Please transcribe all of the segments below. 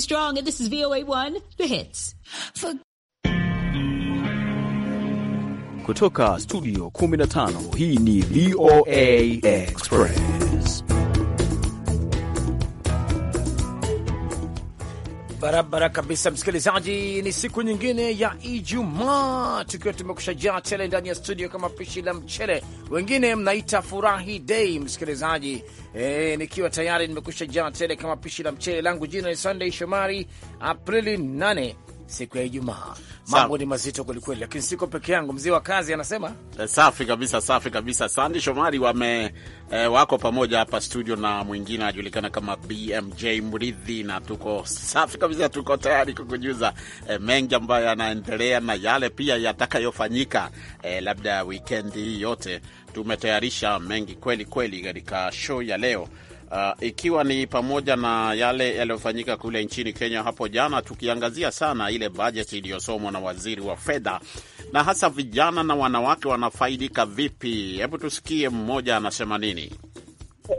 Strong, and this is VOA1, The Hits. For... Kutoka studio 15, hii ni VOA Express. Barabara kabisa, msikilizaji, ni siku nyingine ya Ijumaa tukiwa tumekushajaa tele ndani ya studio kama pishi la mchele, wengine mnaita furahi dei. Msikilizaji e, nikiwa tayari nimekushajaa tele kama pishi la mchele. Langu jina ni Sunday Shomari. Aprili 8 siku ya Ijumaa. Mambo ni mazito kwelikweli, lakini siko peke yangu. Mzee wa kazi anasema eh, safi kabisa, safi kabisa. Sandi Shomari wame e, wako pamoja hapa studio na mwingine anajulikana kama BMJ Mridhi, na tuko safi kabisa, tuko tayari kukujuza e, mengi ambayo yanaendelea na yale pia yatakayofanyika e, labda wikendi hii yote. Tumetayarisha mengi kweli kweli katika show ya leo uh, ikiwa ni pamoja na yale yaliyofanyika kule nchini Kenya hapo jana, tukiangazia sana ile bajeti iliyosomwa na waziri wa fedha, na hasa vijana na wanawake wanafaidika vipi? Hebu tusikie mmoja anasema nini.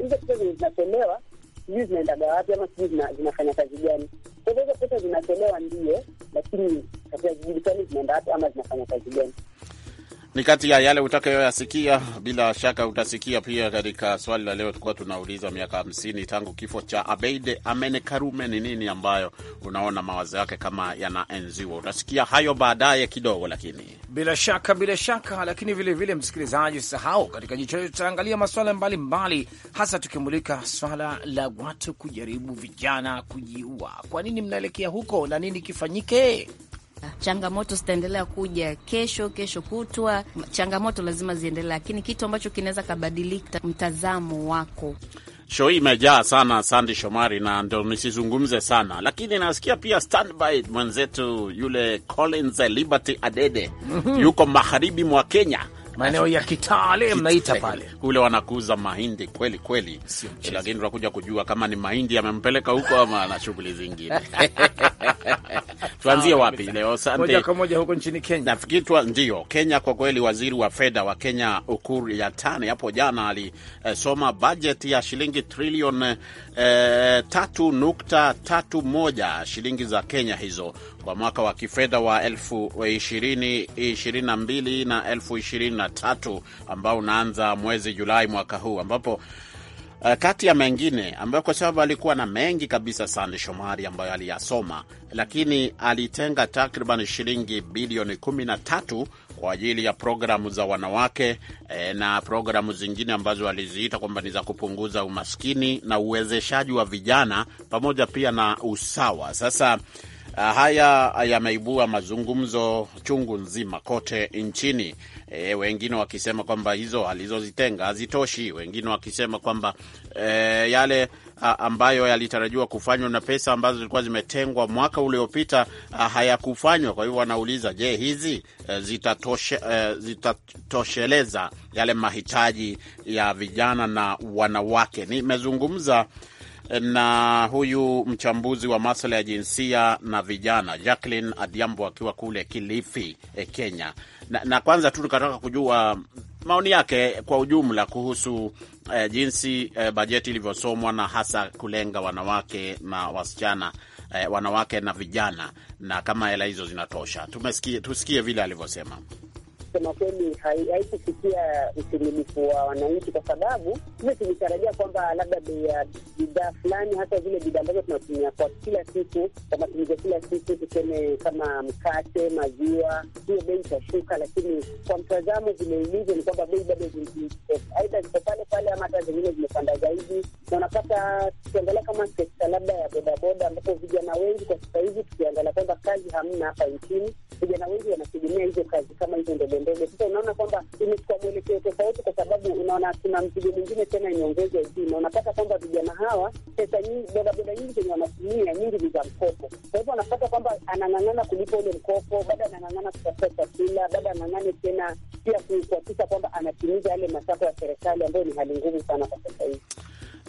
Hizo pesa zinatolewa sijui zinaendaga wapi, ama sijui zinafanya kazi gani? Kwa hivyo hizo pesa zinatolewa ndio, lakini hazijulikani zinaenda wapi ama zinafanya kazi gani ni kati ya yale utakayoyasikia. Bila shaka utasikia pia katika swali la leo, tulikuwa tunauliza miaka hamsini tangu kifo cha Abeid Amene Karume, ni nini ambayo unaona mawazo yake kama yanaenziwa? Utasikia hayo baadaye kidogo, lakini bila shaka, bila shaka. Lakini vilevile, msikilizaji, sahau katika jicho letu tutaangalia maswala mbalimbali, hasa tukimulika swala la watu kujaribu vijana kujiua. Kwa nini mnaelekea huko na nini kifanyike? Changamoto zitaendelea kuja kesho, kesho kutwa, changamoto lazima ziendelee, lakini kitu ambacho kinaweza kabadilika mtazamo wako. Show hii imejaa sana, Sandi Shomari, na ndo nisizungumze sana, lakini nasikia pia standby mwenzetu yule Collins Liberty Adede mhm. yuko magharibi mwa Kenya maeneo ya Kitale mnaita pale, kule wanakuza mahindi kweli kweli, lakini tunakuja kujua kama ni mahindi yamempeleka huko ama ana shughuli zingine. Tuanzie wapi leo? Asante, huko nchini Kenya nafikiri ndio Kenya. Kwa kweli, waziri wa fedha wa Kenya Ukur Yatani hapo jana alisoma eh, bajeti ya shilingi trilioni eh, moja shilingi za Kenya hizo kwa mwaka wa kifedha wa elfu na 2023 ambao unaanza mwezi Julai mwaka huu ambapo Uh, kati ya mengine ambayo kwa sababu alikuwa na mengi kabisa Sande Shomari ambayo aliyasoma, lakini alitenga takriban shilingi bilioni 13 kwa ajili ya programu za wanawake eh, na programu zingine ambazo aliziita kwamba ni za kupunguza umaskini na uwezeshaji wa vijana pamoja pia na usawa. Sasa Ah, haya yameibua mazungumzo chungu nzima kote nchini. E, wengine wakisema kwamba hizo alizozitenga hazitoshi, wengine wakisema kwamba e, yale a, ambayo yalitarajiwa kufanywa na pesa ambazo zilikuwa zimetengwa mwaka uliopita hayakufanywa. Kwa hivyo wanauliza, je, hizi e, zitatoshe, e, zitatosheleza yale mahitaji ya vijana na wanawake? Nimezungumza na huyu mchambuzi wa masuala ya jinsia na vijana Jacqueline Adiambo akiwa kule Kilifi, eh, Kenya. Na, na kwanza tu tukataka kujua mm, maoni yake kwa ujumla kuhusu eh, jinsi eh, bajeti ilivyosomwa na hasa kulenga wanawake na wasichana eh, wanawake na vijana, na kama hela hizo zinatosha. Tumesikie, tusikie vile alivyosema kusema kweli haikufikia utimilifu wa wananchi, kwa sababu hiyo tulitarajia kwamba labda bei ya bidhaa fulani, hasa zile bidhaa ambazo tunatumia kwa kila siku, kwa matumizi ya kila siku, tuseme kama mkate, maziwa, hiyo bei itashuka. Lakini kwa mtazamo vile ilivyo ni kwamba bei bado aidha ziko pale pale ama hata zingine zimepanda zaidi, na unapata tukiangalia kama sekta labda ya bodaboda, ambapo vijana wengi kwa sasa hivi tukiangalia kwamba kazi hamna hapa nchini, vijana wengi wanategemea hizo kazi kama hizo ndogo zile ndogo. Sasa unaona kwamba imechukua mwelekeo tofauti, kwa sababu unaona kuna mzigo mwingine tena imeongezwa juu, na unapata kwamba vijana hawa pesa nyingi, bodaboda nyingi zenye wanatumia nyingi ni za mkopo. Kwa hivyo anapata kwamba anang'ang'ana kulipa ule mkopo, bada anang'ang'ana kutafuta chakula, bada anang'ane tena pia kuhakikisha kwamba anatimiza yale matakwa ya serikali ambayo ni hali ngumu sana kwa sasa hivi.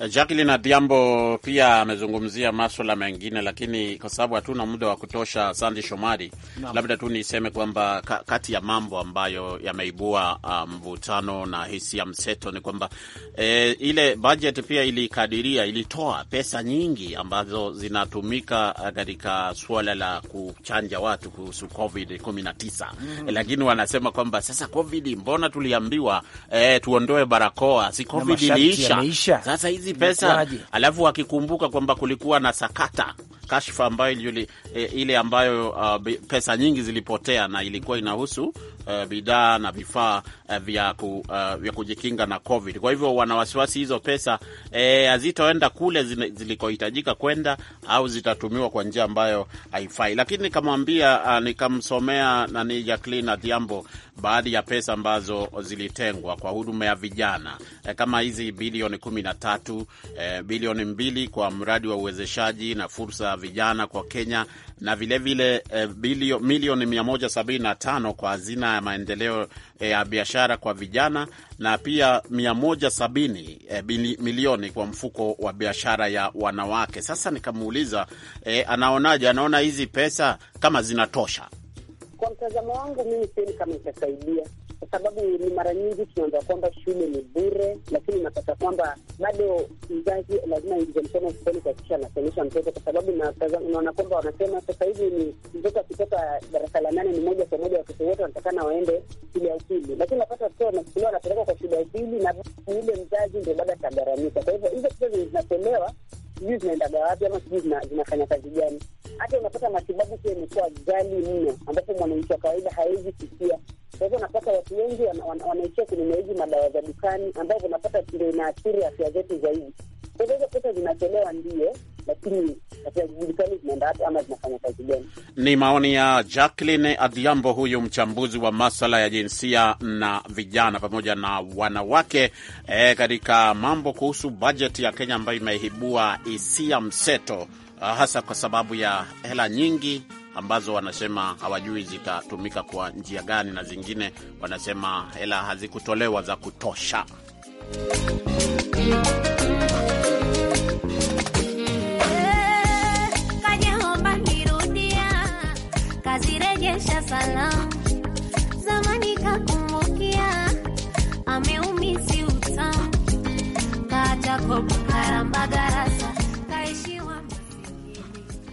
Jacqueline Adiambo pia amezungumzia maswala mengine, lakini kwa sababu hatuna muda wa kutosha, Sandi Shomari, labda tu niseme kwamba kati ya mambo ambayo yameibua ah, mvutano um, na hisia mseto ni kwamba e, ile budget pia ilikadiria, ilitoa pesa nyingi ambazo zinatumika ah, katika suala la kuchanja watu kuhusu COVID 19 mm. Mm-hmm. Lakini wanasema kwamba sasa COVID, mbona tuliambiwa e, tuondoe barakoa, si COVID iliisha sasa hizi hizi pesa, alafu akikumbuka kwamba kulikuwa na sakata kashfa ambayo eh, ile ambayo uh, pesa nyingi zilipotea na ilikuwa inahusu uh, bidhaa na vifaa uh, vya, ku, uh, vya kujikinga na COVID. Kwa hivyo wana wasiwasi hizo pesa hazitaenda eh, kule zilikohitajika kwenda au zitatumiwa kwa njia ambayo haifai. Lakini nikamwambia uh, nikamsomea nani Jacqueline Adhiambo baadhi ya pesa ambazo zilitengwa kwa huduma ya vijana eh, kama hizi bilioni kumi na tatu eh, bilioni mbili kwa mradi wa uwezeshaji na fursa ya vijana kwa Kenya na vilevile vile, eh, milioni mia moja sabini na tano kwa hazina sanaa ya maendeleo eh, ya biashara kwa vijana na pia 170 eh, milioni kwa mfuko wa biashara ya wanawake. Sasa nikamuuliza e, anaonaje, anaona hizi pesa kama zinatosha? Kwa mtazamo wangu mimi sioni kama itasaidia, kwa sababu ni mara nyingi tunaanza kwamba shule ni bure, lakini unapata kwamba bado mzazi lazima ingize mkono mfukoni kuhakikisha anasomesha mtoto, kwa sababu unaona kwamba wanasema sasa hivi ni mtoto akitoka darasa la nane ni moja kwa moja watoto wote wanatakana waende shule ya upili, lakini unapata watoto wanachukuliwa wanapelekwa kwa shule ya upili na yule mzazi ndio bado atagaramika. Kwa hivyo hizo pesa zinatolewa sijui zinaendaga wapi ama sijui zinafanya kazi gani. Hata unapata matibabu pia imekuwa ghali mno, ambapo mwananchi wa kawaida hawezi kufikia kwa hivyo napata watu wengi wanaishia kununua hizi madawa za dukani, ambayo unapata ndio inaathiri afya zetu zaidi. Kwa hivyo hizo pesa zinatolewa ndio, lakini afya dukani zinaenda ama zinafanya kazi gani? Ni maoni ya Jacqueline Adhiambo, huyu mchambuzi wa masala ya jinsia na vijana pamoja na wanawake e, katika mambo kuhusu bajeti ya Kenya ambayo imeibua hisia mseto hasa kwa sababu ya hela nyingi ambazo wanasema hawajui zitatumika kwa njia gani, na zingine wanasema hela hazikutolewa za kutosha. Eh,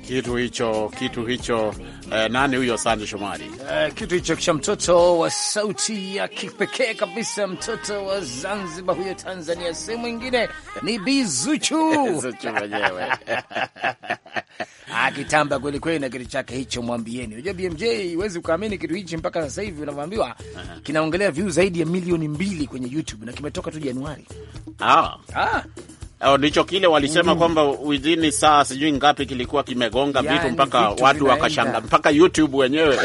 kitu hicho kitu hicho eh, nani huyo? Sande Shomari eh, kitu hicho cha mtoto wa sauti ya kipekee kabisa, mtoto wa Zanzibar huyo, Tanzania, sehemu mwingine ni Bizuchu Zuchu mwenyewe akitamba kweli kweli na kitu chake hicho, mwambieni. Unajua BMJ, huwezi ukaamini kitu hichi mpaka sasa hivi unavyoambiwa, kinaongelea views zaidi ya milioni mbili kwenye YouTube na kimetoka tu Januari ah. ah. Eh, ndicho kile walisema mm, kwamba within saa sijui ngapi kilikuwa kimegonga vitu mpaka mpaka watu wakashanga, mpaka YouTube wenyewe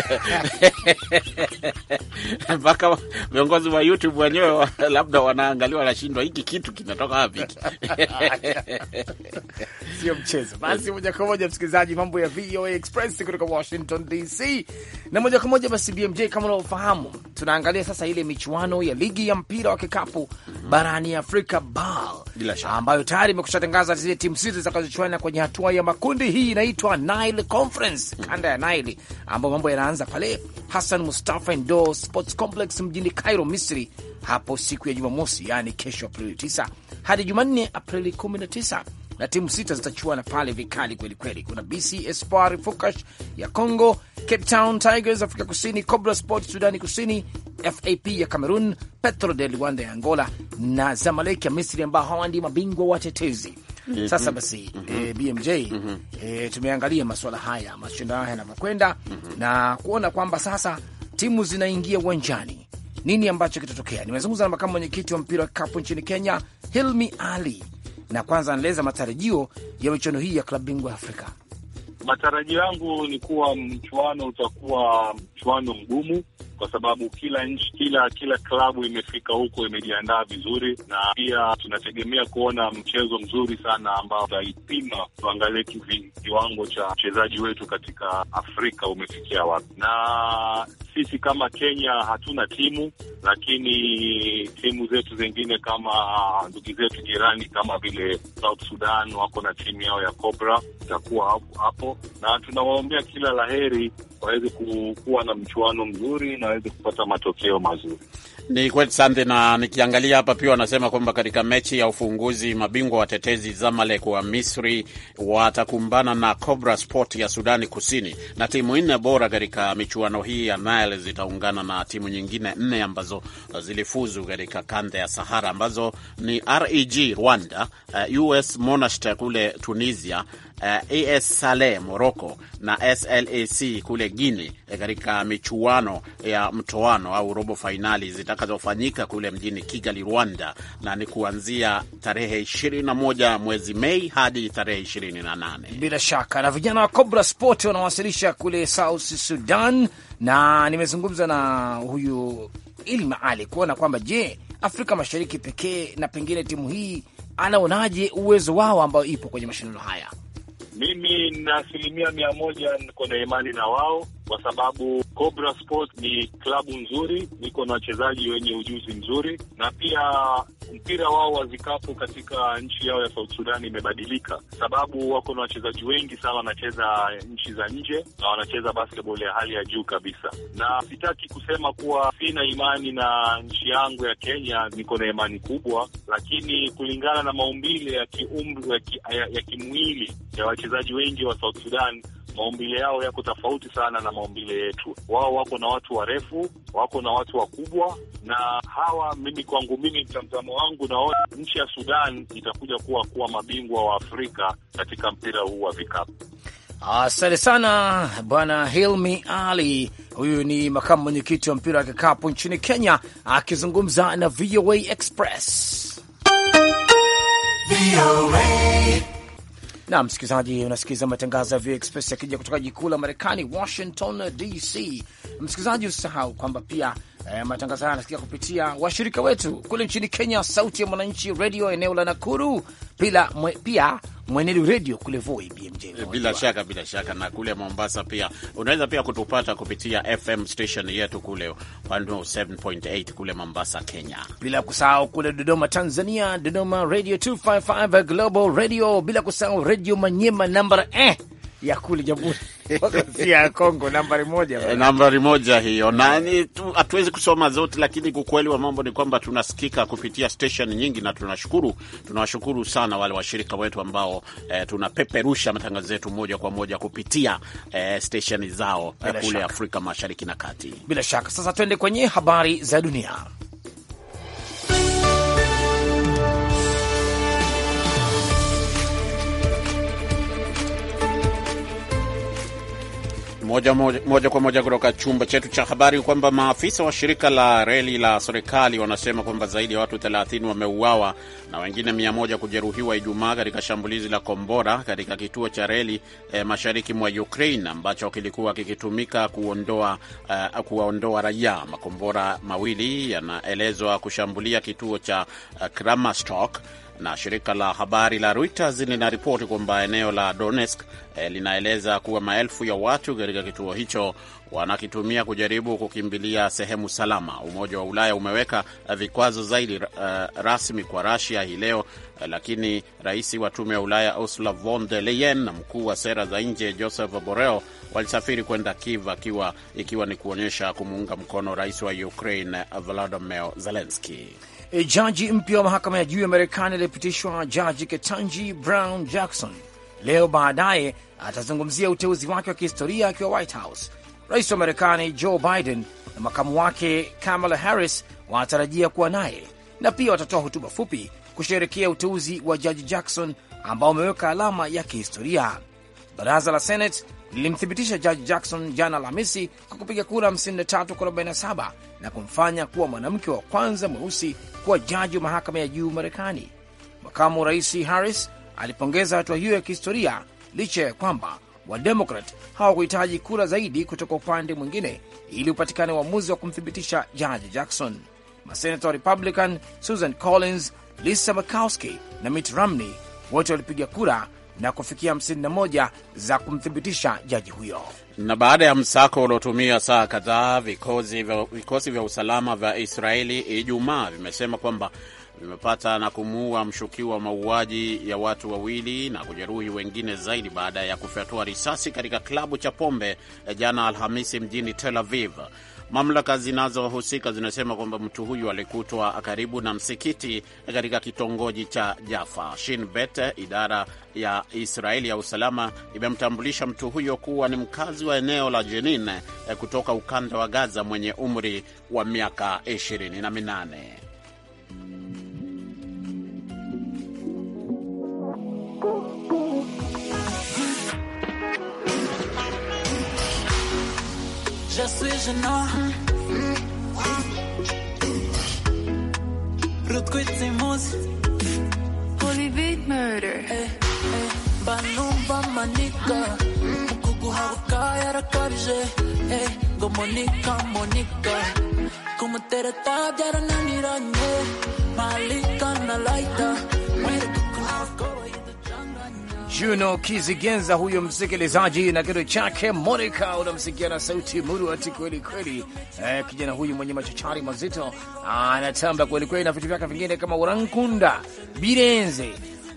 mpaka viongozi wa YouTube wenyewe labda wanaangalia, wanashindwa hiki kitu kinatoka wapi? Sio mchezo. Basi moja kwa moja, msikilizaji, mambo ya VOA Express kutoka Washington DC, na moja kwa moja basi, BMJ, kama unavyofahamu, tunaangalia sasa ile michuano ya ligi ya mpira wa kikapu barani Afrika BAL ambayo ambayo tayari imekushatangaza zile timu sita zitakazochuana kwenye hatua ya makundi. Hii inaitwa Nile Conference, kanda ya Nile, ambayo mambo yanaanza pale Hassan Mustafa Indoor Sports Complex mjini Cairo, Misri, hapo siku ya Jumamosi, yaani kesho, Aprili 9 hadi Jumanne, Aprili 19 na timu sita zitachuana pale vikali kweli kweli. Kuna BC Espoir Fukash ya Congo, Cape Town Tigers Afrika Kusini, Cobra Sport Sudani Kusini, FAP ya Cameroon, Petro de Luanda ya Angola na Zamalek ya Misri, ambao hawa ndio mabingwa watetezi. Mhm. Sasa basi mm -hmm. e, BMJ mm -hmm. e, tumeangalia masuala haya, mashindano haya yanavyokwenda mm -hmm. na kuona kwamba sasa timu zinaingia uwanjani, nini ambacho kitatokea. Nimezungumza na makamu mwenyekiti wa mpira wa kikapu nchini Kenya, Hilmi Ali, na kwanza anaeleza matarajio ya michuano hii ya klabu bingwa Afrika. Matarajio yangu ni kuwa mchuano utakuwa mchuano mgumu kwa sababu kila nchi, kila kila klabu imefika huko imejiandaa vizuri, na pia tunategemea kuona mchezo mzuri sana ambao utaipima tuangalie kiwango cha mchezaji wetu katika Afrika umefikia wapi. Na sisi kama Kenya hatuna timu, lakini timu zetu zingine kama ndugu zetu jirani kama vile South Sudan wako na timu yao ya Cobra, itakuwa hapo hapo, na tunawaombea kila laheri waweze kuwa na mchuano mzuri na waweze kupata matokeo mazuri. Ni kweli sante, na nikiangalia hapa pia wanasema kwamba katika mechi ya ufunguzi mabingwa watetezi Zamalek wa Misri watakumbana na Cobra Sport ya Sudani Kusini, na timu nne bora katika michuano hii ya Nile zitaungana na timu nyingine nne ambazo zilifuzu katika kanda ya Sahara ambazo ni REG Rwanda, eh, US Monastir kule Tunisia uh, eh, AS Sale Morocco na SLAC kule Guinea eh, katika michuano ya mtoano au robo fainali zitakazofanyika kule mjini Kigali, Rwanda, na ni kuanzia tarehe 21 mwezi Mei hadi tarehe 28. Bila shaka na vijana wa Cobra Sport wanawasilisha kule South Sudan, na nimezungumza na huyu Ilma Ali kuona kwamba je, Afrika Mashariki pekee na pengine timu hii anaonaje uwezo wao ambao ipo kwenye mashindano haya. Mimi na asilimia mia moja niko na imani na wao kwa sababu Cobra Sport ni klabu nzuri, niko na wachezaji wenye ujuzi mzuri, na pia mpira wao wa zikapu katika nchi yao ya South Sudan imebadilika, sababu wako na wachezaji wengi sana wanacheza nchi za nje na wanacheza basketball ya hali ya juu kabisa. Na sitaki kusema kuwa sina imani na nchi yangu ya Kenya, niko na imani kubwa, lakini kulingana na maumbile ya kiumri ya, ki, ya, ya kimwili ya wachezaji wengi wa South Sudan maumbile yao yako tofauti sana na maumbile yetu. Wao wako na watu warefu, wako na watu wakubwa, na hawa, mimi kwangu mimi, mtamtamo wangu, naona nchi ya Sudan itakuja kuwa kuwa mabingwa wa Afrika katika mpira huu wa vikapu. Asante sana bwana Hilmi Ali. Huyu ni makamu mwenyekiti wa mpira wa kikapu nchini Kenya akizungumza na VOA Express. VOA na msikilizaji, unasikiliza matangazo ya VOA Express yakija kutoka jikuu la Marekani, Washington DC. Msikilizaji, usisahau kwamba pia eh, matangazo haya anasikia kupitia washirika wetu kule nchini Kenya, Sauti ya Mwananchi Radio eneo la Nakuru, pia mwe, pia Mwenedu Radio kule Voi BMJ. Bila shaka, bila shaka na kule Mombasa pia unaweza pia kutupata kupitia FM station yetu kule 107.8 kule Mombasa, Kenya, bila kusahau kule Dodoma, Tanzania, Dodoma Radio 255 Global Radio, bila kusahau Radio Manyema number eh ya kule Jamhuri ya Kongo nambari moja, eh, nambari moja hiyo, na hatuwezi kusoma zote, lakini ukweli wa mambo ni kwamba tunasikika kupitia station nyingi, na tunashukuru, tunawashukuru sana wale washirika wetu ambao e, tunapeperusha matangazo yetu moja kwa moja kupitia e, station zao kule Afrika Mashariki na Kati. Bila shaka, sasa twende kwenye habari za dunia. moja, moja, moja kwa moja kutoka chumba chetu cha habari kwamba maafisa wa shirika la reli la serikali wanasema kwamba zaidi ya watu 30 wameuawa na wengine 1 kujeruhiwa Ijumaa katika shambulizi la kombora katika kituo cha reli e, mashariki mwa Ukraine ambacho kilikuwa kikitumika kuondoa, uh, kuwaondoa raia. Makombora mawili yanaelezwa kushambulia kituo cha uh, Kramatorsk na shirika la habari la Reuters linaripoti kwamba eneo la Donetsk eh, linaeleza kuwa maelfu ya watu katika kituo hicho wanakitumia kujaribu kukimbilia sehemu salama. Umoja wa Ulaya umeweka vikwazo zaidi uh, rasmi kwa rasia hii leo uh, lakini rais wa tume ya Ulaya Ursula von der Leyen na mkuu wa sera za nje Joseph Borrell walisafiri kwenda Kiev akiwa ikiwa ni kuonyesha kumuunga mkono rais wa Ukraine uh, Volodymyr Zelensky. E, jaji mpya wa mahakama ya juu ya Marekani aliyepitishwa Jaji Ketanji Brown Jackson leo baadaye atazungumzia uteuzi wake wa kihistoria akiwa White House Rais wa Marekani Joe Biden na makamu wake Kamala Harris wanatarajia kuwa naye na pia watatoa hotuba fupi kusherekea uteuzi wa jaji Jackson ambao umeweka alama ya kihistoria. Baraza la Senate lilimthibitisha jaji Jackson jana Alhamisi kwa kupiga kura 53 kwa 47 na kumfanya kuwa mwanamke wa kwanza mweusi kuwa jaji wa mahakama ya juu Marekani. Makamu rais Harris alipongeza hatua hiyo ya kihistoria licha ya kwamba Wademokrat hawakuhitaji kura zaidi kutoka upande mwingine ili upatikane uamuzi wa kumthibitisha jaji Jackson. Masenata wa Republican Susan Collins, Lisa Murkowski na Mitt Romney wote walipiga kura na kufikia 51 za kumthibitisha jaji huyo. Na baada ya msako uliotumia saa kadhaa, vikosi vya usalama vya Israeli Ijumaa vimesema kwamba vimepata na kumuua mshukiwa wa mauaji ya watu wawili na kujeruhi wengine zaidi baada ya kufyatua risasi katika klabu cha pombe eh, jana Alhamisi mjini Tel Aviv. Mamlaka zinazohusika zinasema kwamba mtu huyu alikutwa karibu na msikiti katika kitongoji cha Jaffa. Shin Bet, eh, idara ya Israeli ya usalama, imemtambulisha mtu huyo kuwa ni mkazi wa eneo la Jenin eh, kutoka ukanda wa Gaza mwenye umri wa miaka 28. déjà свежена Rutkujt i Holy beat murder hey, hey. Banumba hey. Go Como Malika na laita kuku Juno Kizigenza huyo msikilizaji na kitu chake Monica, unamsikia na sauti muruati kweli kweli. Eh, kijana huyu mwenye machachari mazito anatamba kweli kweli na vitu vyake vingine kama Urankunda, Birenze,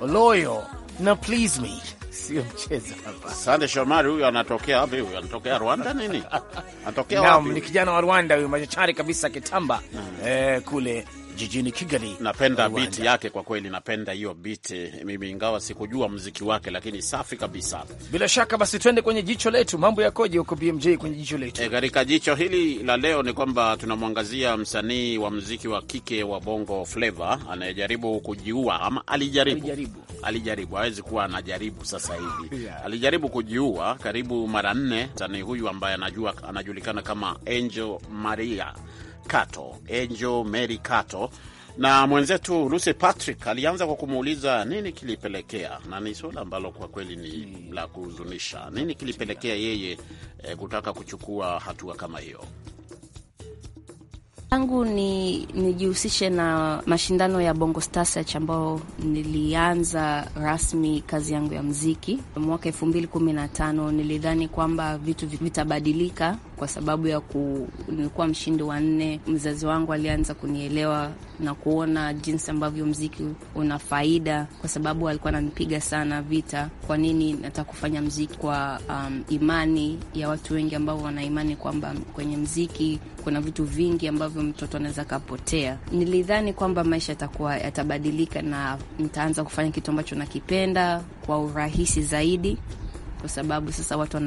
Loyo na Please Me. Sio mchezo hapa. Sande Shomari huyu anatokea wapi huyu? Anatokea Rwanda nini? Anatokea wapi? Naam, ni kijana wa Rwanda huyu machachari kabisa kitamba. Mm. Eh, kule jijini Kigali. Napenda biti yake kwa kweli, napenda hiyo biti mimi, ingawa sikujua mziki wake, lakini safi kabisa. Bila shaka basi, twende kwenye jicho letu. Mambo yakoje huko BMJ kwenye jicho letu? E, katika jicho hili la leo ni kwamba tunamwangazia msanii wa mziki wa kike wa Bongo Flava anayejaribu kujiua ama alijaribu, alijaribu, alijaribu, hawezi kuwa anajaribu sasa hivi yeah. Alijaribu kujiua karibu mara nne. Msanii huyu ambaye anajua anajulikana kama Angel Maria Kato, Angel Mary Kato na mwenzetu Lucy Patrick alianza kwa kumuuliza nini kilipelekea, na ni suala ambalo kwa kweli ni la kuhuzunisha. Nini kilipelekea yeye eh, kutaka kuchukua hatua kama hiyo? tangu ni nijihusishe na mashindano ya Bongo Star Search ambao nilianza rasmi kazi yangu ya mziki mwaka elfu mbili kumi na tano nilidhani kwamba vitu vitabadilika kwa sababu ya ku, nilikuwa mshindi wa nne. Mzazi wangu alianza kunielewa na kuona jinsi ambavyo mziki una faida, kwa sababu alikuwa ananipiga sana vita, kwa nini nataka kufanya mziki kwa um, imani ya watu wengi ambao wana imani kwamba kwenye mziki kuna vitu vingi ambavyo mtoto anaweza kapotea. Nilidhani kwamba maisha yatakuwa yatabadilika na nitaanza kufanya kitu ambacho nakipenda kwa urahisi zaidi, kwa sababu sasa watu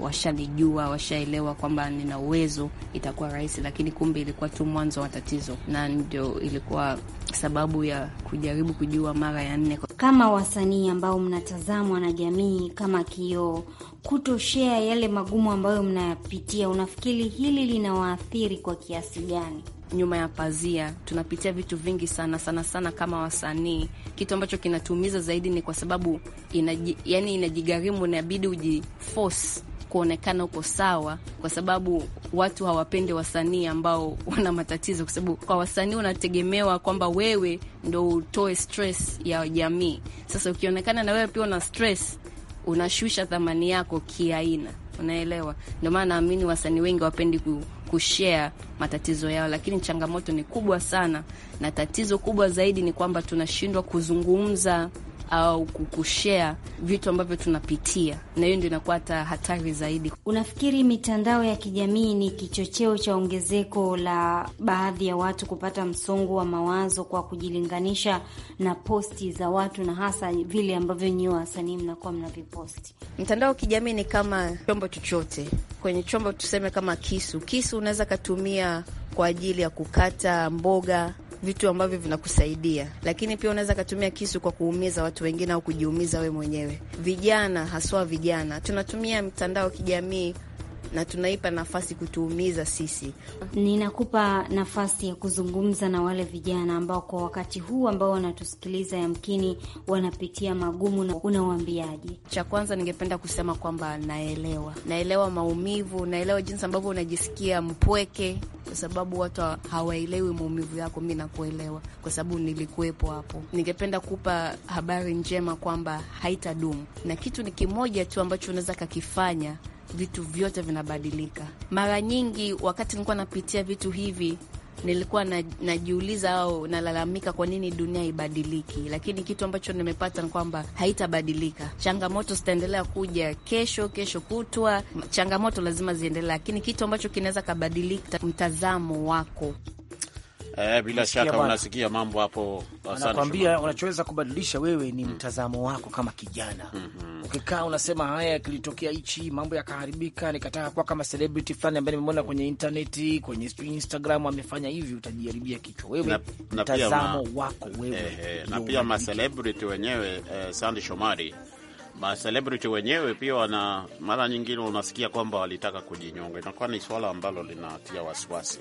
washalijua, washaelewa kwamba nina uwezo, itakuwa rahisi. Lakini kumbe ilikuwa tu mwanzo wa tatizo, na ndio ilikuwa sababu ya kujaribu kujua mara ya nne. Kama wasanii ambao mnatazamwa na jamii kama kioo, kutoshea yale magumu ambayo mnayapitia, unafikiri hili linawaathiri kwa kiasi gani? Nyuma ya pazia tunapitia vitu vingi sana sana sana kama wasanii. Kitu ambacho kinatuumiza zaidi ni kwa sababu inaji, yani inajigharimu, inabidi ujiforce kuonekana uko sawa, kwa sababu watu hawapendi wasanii ambao wana matatizo, kwa sababu kwa wasanii unategemewa kwamba wewe ndo utoe stress ya jamii. Sasa ukionekana na wewe pia una stress, unashusha thamani yako kiaina, unaelewa? Ndio maana naamini wasanii wengi wapendi ku kushare matatizo yao, lakini changamoto ni kubwa sana, na tatizo kubwa zaidi ni kwamba tunashindwa kuzungumza au kukushea vitu ambavyo tunapitia, na hiyo ndio inakuwa hata hatari zaidi. Unafikiri mitandao ya kijamii ni kichocheo cha ongezeko la baadhi ya watu kupata msongo wa mawazo kwa kujilinganisha na posti za watu, na hasa vile ambavyo nyiwe wasanii mnakuwa mnaviposti? Mtandao wa kijamii ni kama chombo chochote, kwenye chombo tuseme kama kisu. Kisu unaweza katumia kwa ajili ya kukata mboga vitu ambavyo vinakusaidia, lakini pia unaweza katumia kisu kwa kuumiza watu wengine au kujiumiza we mwenyewe. Vijana haswa vijana tunatumia mtandao kijamii na tunaipa nafasi kutuumiza sisi. Ninakupa nafasi ya kuzungumza na wale vijana ambao kwa wakati huu ambao wanatusikiliza yamkini wanapitia magumu, na unawaambiaje? Cha kwanza ningependa kusema kwamba naelewa, naelewa maumivu, naelewa jinsi ambavyo unajisikia mpweke kwa sababu watu hawaelewi maumivu yako. Mi nakuelewa kwa sababu nilikuwepo hapo. Ningependa kupa habari njema kwamba haitadumu, na kitu ni kimoja tu ambacho unaweza kakifanya vitu vyote vinabadilika. Mara nyingi wakati nilikuwa napitia vitu hivi nilikuwa na, najiuliza au nalalamika kwa nini dunia ibadiliki, lakini kitu ambacho nimepata ni kwamba haitabadilika. Changamoto zitaendelea kuja kesho, kesho kutwa, changamoto lazima ziendelea, lakini kitu ambacho kinaweza kabadilika mtazamo wako. Eh, bila shaka unasikia mambo hapo, anakwambia unachoweza kubadilisha wewe ni mm. mtazamo wako kama kijana. mm -hmm. Ukikaa unasema haya, kilitokea hichi, mambo yakaharibika, nikataka kuwa kama celebrity fulani ambaye nimeona kwenye intaneti, kwenye Instagram amefanya hivi, utajiharibia kichwa wewe, mtazamo wako wewe eh, eh, na pia ma celebrity wenyewe eh, Sandy Shomari Macelebrity wenyewe pia wana, mara nyingine unasikia kwamba walitaka kujinyonga. Inakuwa ni swala ambalo linatia wasiwasi,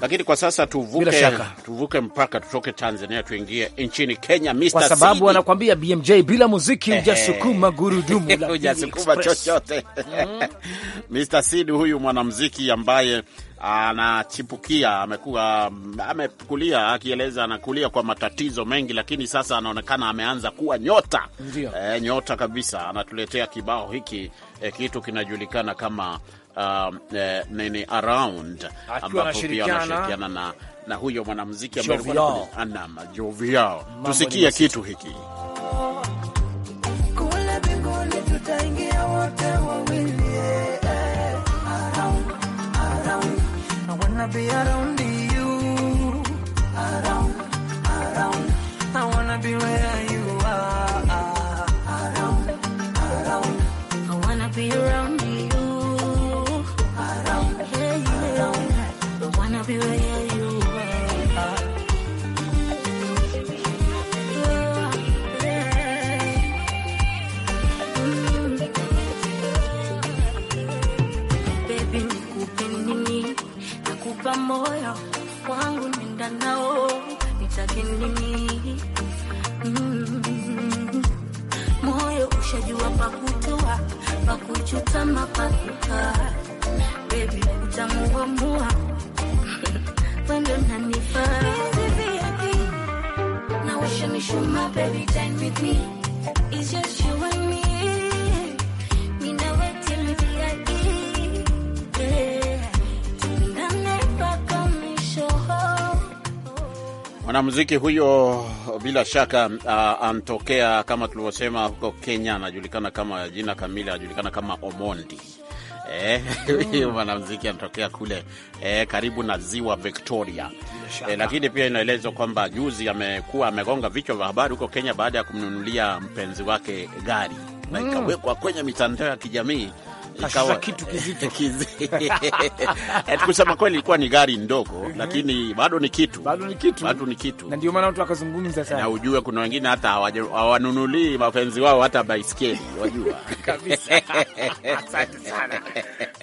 lakini kwa sasa tuvuke, tuvuke mpaka tutoke Tanzania tuingie nchini Kenya, Mr. kwa sababu anakuambia BMJ bila muziki hujasukuma gurudumu hujasukuma chochote Mr. Mm-hmm. Sid huyu mwanamziki ambaye anachipukia, amekuwa amekulia, akieleza anakulia kwa matatizo mengi, lakini sasa anaonekana ameanza kuwa nyota e, nyota kabisa. Anatuletea kibao hiki e, kitu kinajulikana kama um, e, nini around, ambapo pia anashirikiana na, na huyo mwanamziki ambaye Tusikie kitu hiki. wanna be around you. Around, around. I wanna be where I am. moyo wangu nenda nao nitakini mm. Mm-hmm. Moyo ushajua pakutoa pakuchuta pakuka baby utamuamua wendo nanifaa na washanishuma baby time with me is just you Mwanamuziki huyo bila shaka uh, antokea kama tulivyosema huko Kenya, anajulikana kama jina kamili, anajulikana kama Omondi. Eh, hmm. Huyo mm. mwanamuziki anatokea kule eh, karibu na ziwa Victoria eh, lakini pia inaelezwa kwamba juzi amekuwa amegonga vichwa vya habari huko Kenya baada ya kumnunulia mpenzi wake gari na hmm. ikawekwa kwenye mitandao ya kijamii kitu kizito kusema kweli, ilikuwa ni gari ndogo, mhm. lakini bado ni kitu, bado ni kitu, bado ni kitu. Na ndio maana watu wakazungumza sana, na ujue kuna wengine hata hawanunulii mapenzi wao hata baiskeli, wajua kabisa. Asante sana.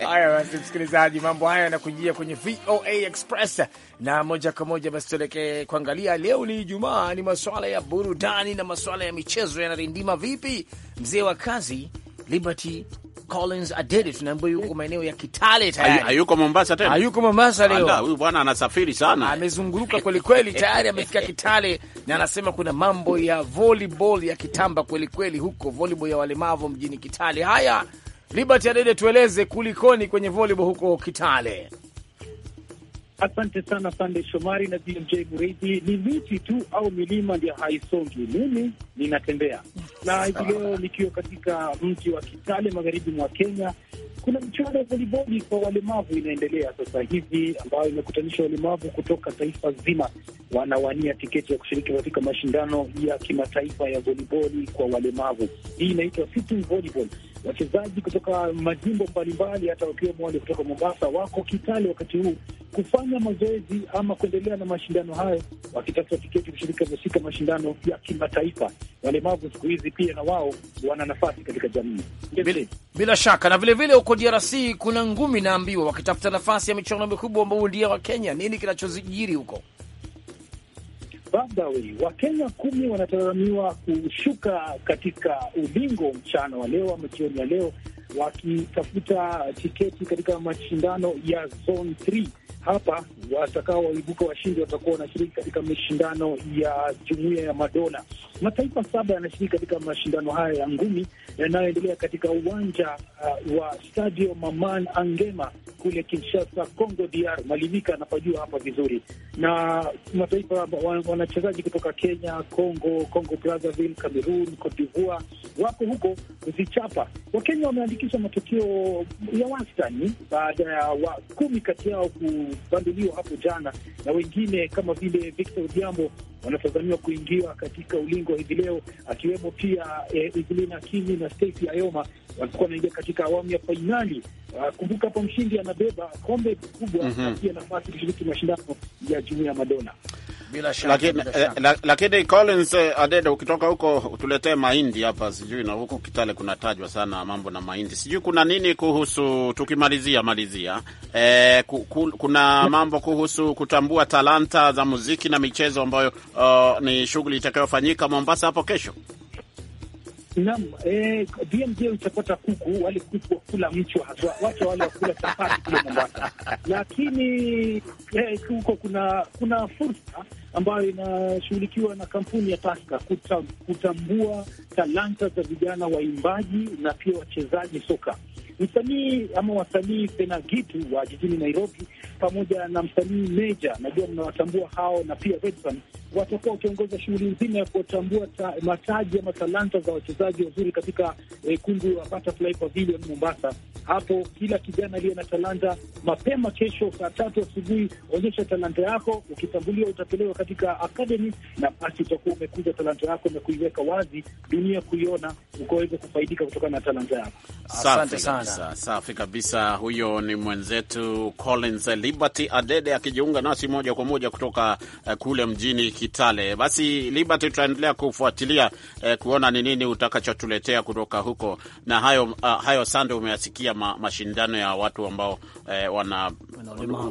Haya basi, msikilizaji, mambo haya yanakujia kwenye VOA Express na moja kwa moja basi tuelekee kuangalia. Leo ni Ijumaa, ni masuala ya burudani na masuala ya michezo yanarindima vipi. Mzee wa kazi Liberty Collins Adede tunaambia yuko maeneo ya Kitale tayari. Hayuko Mombasa tena. Hayuko Mombasa leo. Anda, huyu bwana anasafiri sana. amezunguruka kweli kweli tayari amefika Kitale na anasema kuna mambo ya volleyball ya kitamba kweli kweli huko volleyball ya walemavu mjini Kitale. Haya, Liberty Adede tueleze kulikoni kwenye volleyball huko Kitale. Asante sana Sande Shomari na BMJ Mridhi. Ni miti tu au milima ndio haisongi, mimi ninatembea. Na hivi leo nikiwa katika mji wa Kitale, magharibi mwa Kenya, kuna mchuano wa voliboli kwa walemavu inaendelea sasa hivi, ambayo imekutanisha walemavu kutoka taifa zima, wanawania tiketi ya kushiriki katika mashindano ya kimataifa ya voliboli kwa walemavu. Hii inaitwa volleyball wachezaji kutoka majimbo mbalimbali, hata wakiwemo wale kutoka Mombasa wako Kitale wakati huu kufanya mazoezi ama kuendelea na mashindano hayo, wakitafuta tiketi kushiriki katika mashindano ya kimataifa. Walemavu siku hizi pia na wao wana nafasi katika jamii bila, bila shaka. Na vilevile huko vile DRC kuna ngumi naambiwa wakitafuta nafasi ya michuano mikubwa ambao ndia wa Kenya. Nini kinachozijiri huko? Bagdawi. Wakenya kumi wanatazamiwa kushuka katika ubingo mchana wa leo ama jioni ya leo wakitafuta tiketi katika mashindano ya zone 3 hapa watakao waibuka washindi watakuwa wanashiriki katika mashindano ya jumuiya ya madola. Mataifa saba yanashiriki katika mashindano haya ya ngumi yanayoendelea katika uwanja uh, wa Stadio Maman Angema kule Kinshasa, Congo DR. Malivika anapajua hapa vizuri, na mataifa wanachezaji kutoka Kenya, Congo, Congo Brazzaville, Cameroon, Cote d'Ivoire wako huko kuzichapa. Wakenya wameandikisha matokeo ya wastani baada ya wa kumi kati yao ku kubanduliwa hapo jana, na wengine kama vile Victor Odhiambo wanatazamiwa kuingia katika ulingo hivi leo, akiwemo pia eh, Evelyn Akini na Stacy Ayoma walikuwa wanaingia katika awamu ya fainali. Ah, kumbuka hapo mshindi anabeba kombe kubwa mm -hmm. na pia nafasi kushiriki mashindano ya jumuiya ya Madona. Bila shaka, lakini, bila eh, shaka. Eh, lakini Collins eh, Adede, ukitoka huko tuletee mahindi hapa, sijui na huko Kitale kunatajwa sana mambo na mahindi, sijui kuna nini kuhusu, tukimalizia malizia eh, ku, ku, kuna mm. mambo kuhusu kutambua talanta za muziki na michezo ambayo uh, ni shughuli itakayofanyika Mombasa hapo kesho. Naam, eh, BMJ utapata kuku wale kuku kula mchwa haswa, wacha wale wakula chapati kule Mombasa, lakini eh, huko kuna kuna fursa ambayo inashughulikiwa na kampuni ya Taska kuta, kutambua talanta za vijana waimbaji na pia wachezaji soka. Msanii ama wasanii Gitu wa jijini Nairobi pamoja na msanii Meja, najua mnawatambua hao, na pia Redson watakuwa wakiongoza shughuli nzima ya kuwatambua mataji ama talanta za wachezaji wazuri katika eh, kundi la Butterfly Pavilion Mombasa. Hapo kila kijana aliye na talanta, mapema kesho saa tatu asubuhi, onyesha talanta yako. Ukitambuliwa utapelewa katika akademi, na basi utakuwa umekuza talanta yako na kuiweka wazi, dunia kuiona, ukaweza kufaidika kutokana na talanta yako. Asante sana, safi kabisa. Huyo ni mwenzetu Collins Liberty Adede akijiunga nasi moja kwa moja kutoka uh, kule mjini Kitale. Basi Liberty, tutaendelea kufuatilia eh, kuona ni nini utakachotuletea kutoka huko. Na hayo, uh, hayo sande, umeasikia ma, mashindano ya watu ambao eh, wana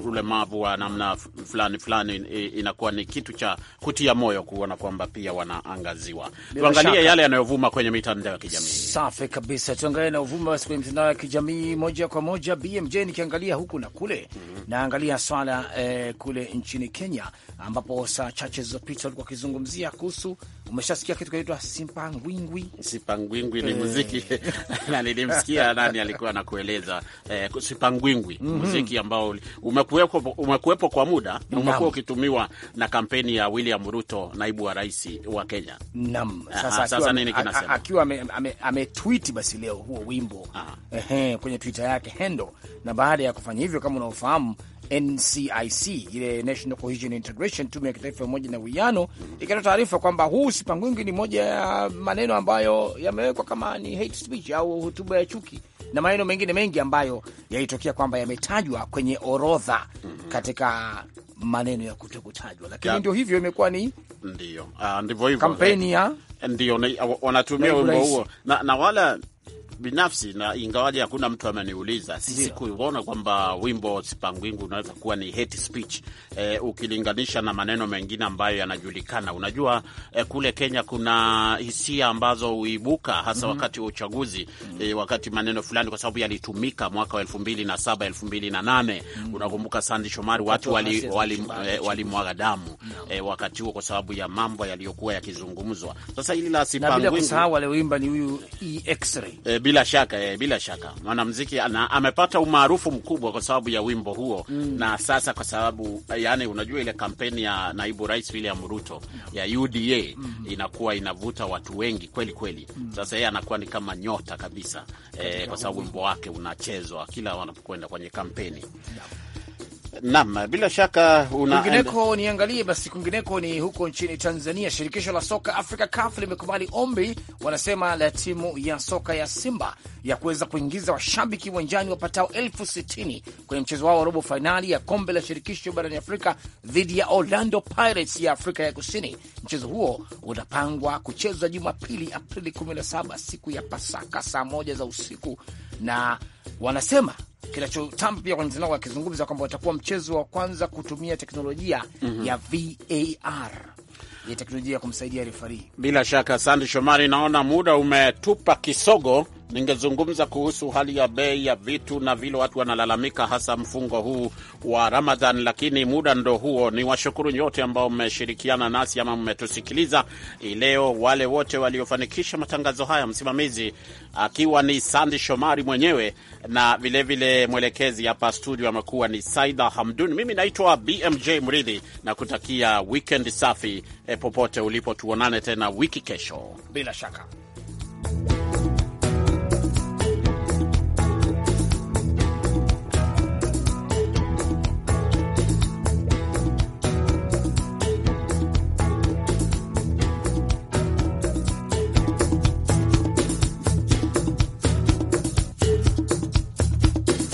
ulemavu wa namna fulani fulani, inakuwa ni kitu cha kutia moyo kuona kwamba pia wanaangaziwa. Tuangalie yale yanayovuma kwenye mitandao ya kijamii. Safi kabisa, tuangalie yanayovuma basi kwenye mitandao ya kijamii moja kwa moja. BMJ nikiangalia huku na kule, mm -hmm. naangalia swala eh, kule nchini Kenya ambapo saa chache zilizopita ulikuwa ukizungumzia kuhusu, umeshasikia kitu kinaitwa simpangwingwi. Simpangwingwi ni eh. muziki na nilimsikia nani alikuwa anakueleza eh, simpangwingwi mm -hmm. muziki ambao umekuwepo, umekuwepo kwa muda na umekuwa ukitumiwa na kampeni ya William Ruto, naibu wa rais wa Kenya. Naam, sasa, aha, sasa nini kinasema akiwa ametwiti ame, ame basi leo huo wimbo ehe, kwenye Twitter yake hendo, na baada ya kufanya hivyo, kama unaofahamu NCIC, ile National Cohesion Integration, tume ya kitaifa ya umoja na uwiano, ikatoa taarifa kwamba huu sipangwingi ni moja ya maneno ambayo yamewekwa kama ni hate speech au hotuba ya chuki na maneno mengine mengi ambayo yalitokea kwamba yametajwa kwenye orodha mm -hmm. katika maneno ya kutokutajwa, lakini ndio hivyo, imekuwa ni ndio ah, ndivyo hivyo kampeni ya eh, ndio ah, wanatumia wimbo huo na, na wala binafsi na ingawaji hakuna mtu ameniuliza, sisi kuona kwamba wimbo Sipangwingu unaweza kuwa ni hate speech eh, ukilinganisha na maneno mengine ambayo yanajulikana. Unajua e, kule Kenya kuna hisia ambazo huibuka hasa mm -hmm. wakati wa uchaguzi mm -hmm. e, wakati maneno fulani kwa sababu yalitumika mwaka wa elfu mbili na saba elfu mbili na nane mm -hmm. unakumbuka Sandi Shomari, watu walimwaga wali, wali, wali damu mm -hmm. wakati huo kwa sababu ya mambo yaliyokuwa yakizungumzwa. Sasa hili la Sipangwingu bila shaka eh, bila shaka mwanamziki amepata umaarufu mkubwa kwa sababu ya wimbo huo mm. Na sasa kwa sababu eh, yani, unajua ile kampeni ya naibu rais William Ruto ya UDA mm. inakuwa inavuta watu wengi kweli kweli mm. Sasa yeye anakuwa ni kama nyota kabisa eh, kwa sababu wimbo wake unachezwa kila wanapokwenda kwenye kampeni yeah. Naam, bila shaka una kwingineko. Niangalie basi kwingineko, ni huko nchini Tanzania. Shirikisho la soka africa CAF limekubali ombi, wanasema la timu ya soka ya Simba ya kuweza kuingiza washabiki uwanjani wapatao elfu sitini kwenye mchezo wao wa robo fainali ya kombe la shirikisho barani Afrika dhidi ya Orlando Pirates ya Afrika ya Kusini. Mchezo huo utapangwa kuchezwa Jumapili, Aprili 17 siku ya Pasaka, saa moja za usiku, na wanasema kinachotamba pia kwenye mtandao, akizungumza kwamba watakuwa mchezo wa kwanza kutumia teknolojia mm -hmm. ya VAR ya teknolojia ya kumsaidia refari. Bila shaka, Sandi Shomari, naona muda umetupa kisogo ningezungumza kuhusu hali ya bei ya vitu na vile watu wanalalamika, hasa mfungo huu wa Ramadhan, lakini muda ndo huo. Ni washukuru nyote ambao mmeshirikiana nasi ama mmetusikiliza leo, wale wote waliofanikisha matangazo haya, msimamizi akiwa ni Sandi Shomari mwenyewe na vilevile vile mwelekezi hapa studio amekuwa ni Saida Hamdun. Mimi naitwa BMJ Mridhi na kutakia wikendi safi, eh, popote ulipo, tuonane tena wiki kesho bila shaka.